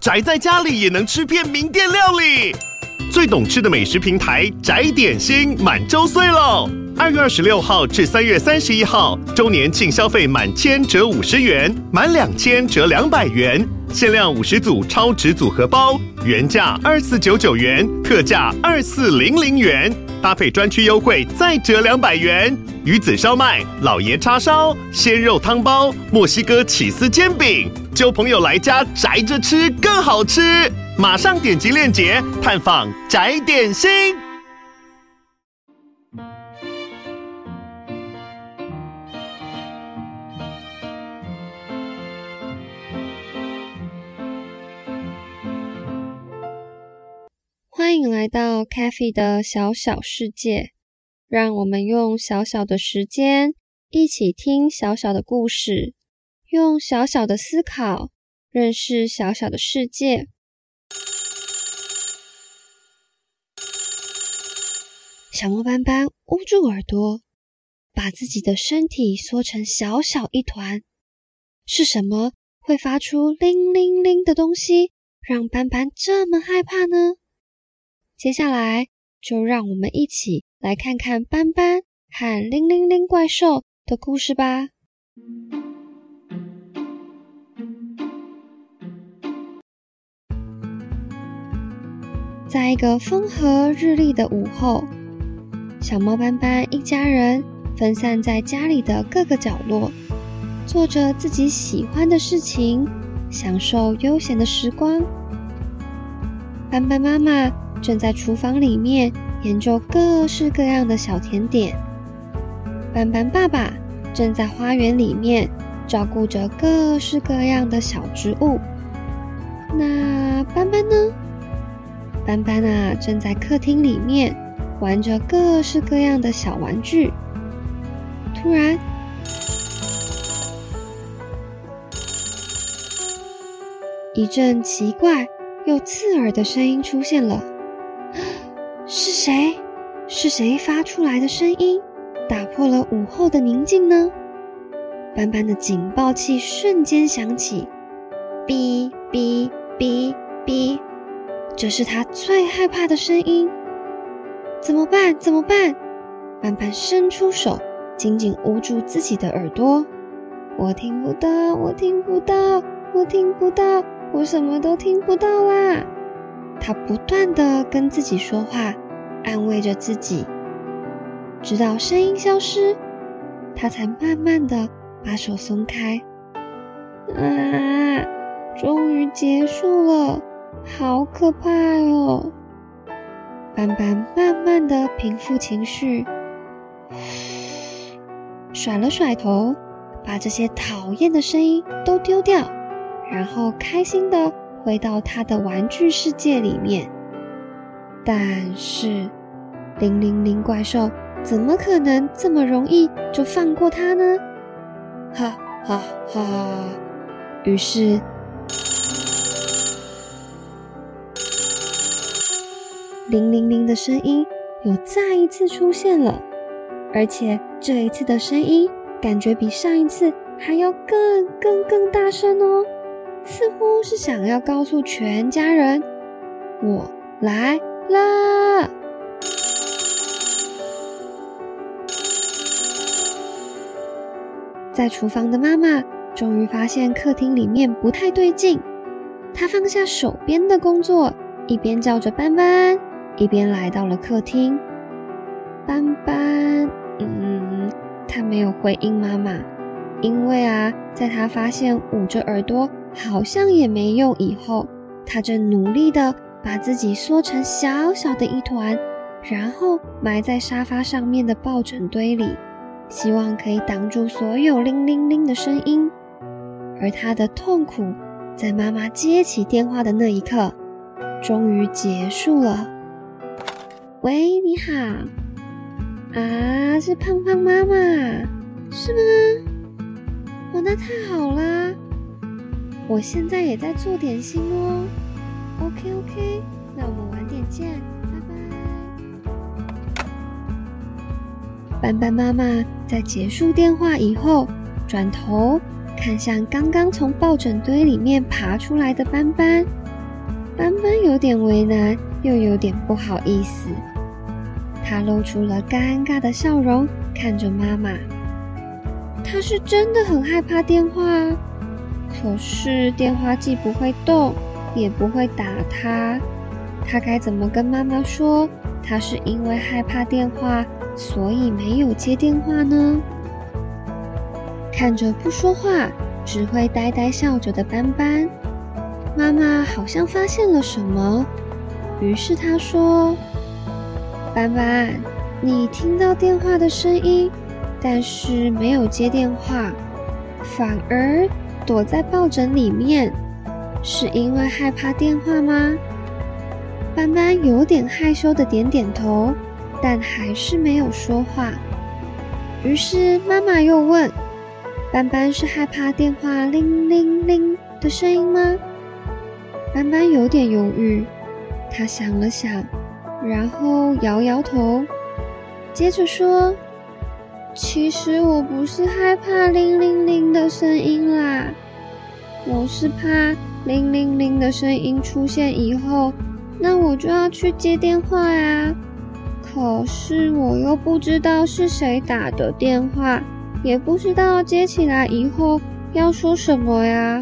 宅在家裡也能吃遍名店料理，最懂吃的美食平台宅點心滿周歲嘍。二月二十六號至三月三十一號，周年慶消費滿千折五十元，滿兩千折兩百元。限量五十組超值組合包，原價二四九九元，特價二四零零元，搭配專區優惠再折兩百元。魚子燒麥、老爺叉燒、鮮肉湯包、墨西哥起司煎餅，交朋友來家宅着吃更好吃。馬上點擊鏈接探訪宅點心。歡迎來到 Kathy 的小小世界。讓我們用小小的時間，一起聽小小的故事，用小小的思考，認識小小的世界。小貓斑斑捂住耳朵，把自己的身體縮成小小一團。是什麼會發出“鈴鈴鈴”的東西，讓斑斑這麼害怕呢？接下來就讓我們一起來看看斑斑和“鈴鈴鈴”怪獸的故事吧。在一個風和日麗的午後，小貓斑斑一家人分散在家裡的各個角落，做着自己喜歡的事情，享受悠閒的時光。斑斑媽媽，正在廚房裡面研究各式各樣的小甜點，斑斑爸爸正在花園裡面照顧着各式各樣的小植物。那斑斑呢？斑斑啊，正在客廳裡面玩着各式各樣的小玩具。突然，一陣奇怪又刺耳的聲音出現了。是誰？是誰發出來的聲音，打破了午後的寧靜呢？斑斑的警報器瞬間響起，嗶嗶嗶嗶，這是它最害怕的聲音。怎麼辦？怎麼辦？斑斑伸出手，緊緊捂住自己的耳朵。我聽不到，我聽不到，我聽不到，我什麼都聽不到啦！它不斷地跟自己說話。安慰着自己，直到聲音消失，他才慢慢的把手鬆開。啊，終於結束了，好可怕喲！斑斑慢慢的平復情緒，甩了甩頭，把這些討厭的聲音都丟掉，然後開心的回到他的玩具世界裡面。但是。鈴鈴鈴怪獸怎麼可能這麼容易就放過他呢？哈哈哈！於是鈴鈴鈴的聲音又再一次出現了，而且這一次的聲音感覺比上一次還要更更更大聲哦，似乎是想要告訴全家人：“我來了。”在廚房的媽媽終於發現客廳裡面不太對勁，她放下手邊的工作，一邊叫着斑斑，一邊來到了客廳。斑斑，嗯，他沒有回應媽媽，因為啊，在他發現捂着耳朵好像也沒用以後，他正努力的把自己縮成小小的一團，然後埋在沙發上面的抱枕堆裡。希望可以擋住所有“鈴鈴鈴”的聲音，而他的痛苦在媽媽接起電話的那一刻，終於結束了。喂，你好，啊，是胖胖媽媽，是嗎？哦、oh，那太好啦，我現在也在做點心哦。OK，OK，okay, okay, 那我們晚點見。斑斑媽媽在結束電話以後，轉頭看向剛剛從抱枕堆裡面爬出來的斑斑。斑斑有點為難，又有點不好意思，他露出了尷尬的笑容，看着媽媽。他是真的很害怕電話，可是電話既不會動，也不會打他。他該怎麼跟媽媽說？他是因為害怕電話？所以沒有接電話呢。看着不說話，只會呆呆笑着的斑斑，媽媽好像發現了什麼，於是她說：“斑斑，你聽到電話的聲音，但是沒有接電話，反而躲在抱枕裡面，是因為害怕電話嗎？”斑斑有點害羞地點點頭。但還是沒有說話。於是媽媽又問：“斑斑是害怕電話鈴鈴鈴的聲音嗎？”斑斑有點猶豫，他想了想，然後搖搖頭，接着說：“其實我不是害怕鈴鈴鈴的聲音啦，我是怕鈴鈴鈴的聲音出現以後，那我就要去接電話啊。”可是我又不知道是誰打的電話，也不知道接起來以後要說什麼呀，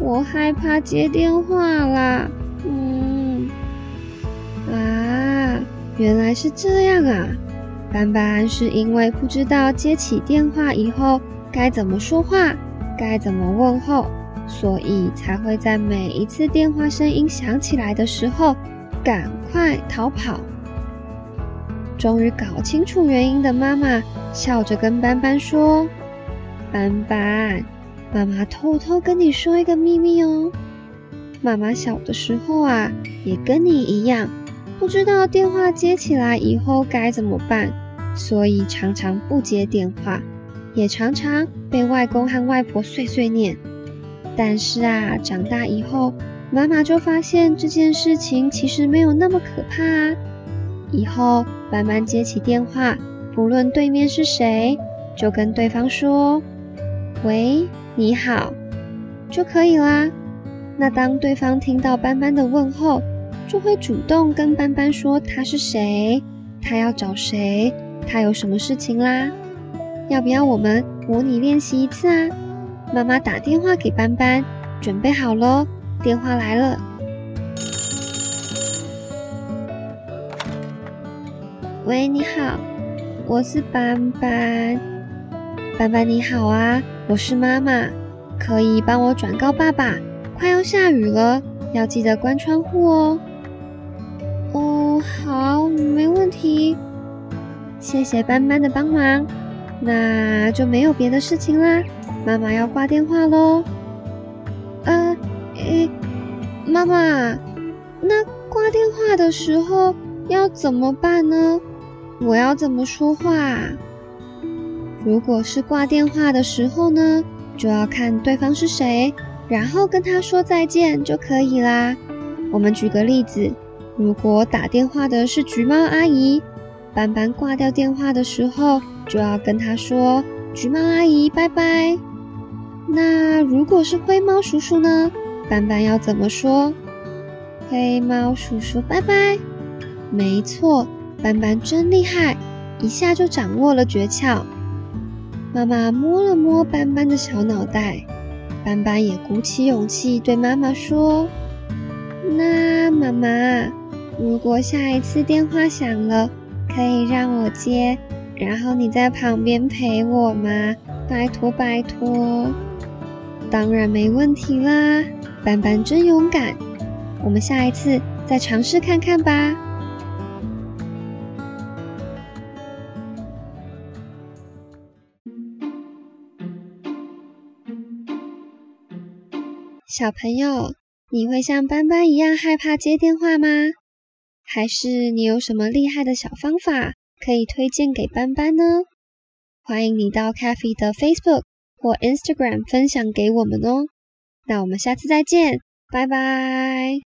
我害怕接電話啦。嗯，啊，原來是這樣啊！斑斑是因為不知道接起電話以後該怎麼說話，該怎麼問候，所以才會在每一次電話聲音響起來的時候，趕快逃跑。終於搞清楚原因的媽媽笑着跟斑斑說：“斑斑，媽媽偷偷跟你說一個秘密哦。媽媽小的時候啊，也跟你一樣，不知道電話接起來以後該怎麼辦，所以常常不接電話，也常常被外公和外婆碎碎念。但是啊，長大以後，媽媽就發現這件事情其實沒有那麼可怕啊。”以後斑斑接起電話，不論對面是誰，就跟對方說“喂，你好”就可以啦。那當對方聽到斑斑的問候，就會主動跟斑斑說他是誰，他要找誰，他有什麼事情啦。要不要我們模擬練習一次啊？媽媽打電話給斑斑，準備好咯，電話來了。喂，你好，我是斑斑。斑斑你好啊，我是媽媽，可以幫我轉告爸爸，快要下雨了，要記得關窗戶哦。哦，好，沒問題，謝謝斑斑的幫忙，那就沒有別的事情啦，媽媽要掛電話嘍。呃，欸，媽媽，那掛電話的時候要怎麼辦呢？我要怎麼說話？如果是掛電話的時候呢，就要看對方是誰，然後跟他說再見就可以啦。我們舉個例子，如果打電話的是橘貓阿姨，斑斑掛掉電話的時候就要跟他說“橘貓阿姨拜拜”。那如果是灰貓叔叔呢，斑斑要怎麼說？“黑貓叔叔拜拜。”沒錯。斑斑真厲害，一下就掌握了訣竅。媽媽摸了摸斑斑的小腦袋，斑斑也鼓起勇氣對媽媽說：“那媽媽，如果下一次電話響了，可以讓我接，然後你在旁邊陪我嗎？拜托拜托！”當然沒問題啦，斑斑真勇敢。我們下一次再嘗試看看吧。小朋友，你會像斑斑一樣害怕接電話嗎？還是你有什麼厲害的小方法可以推薦給斑斑呢？歡迎你到咖啡的 Facebook 或 Instagram 分享給我們哦。那我們下次再見，拜拜。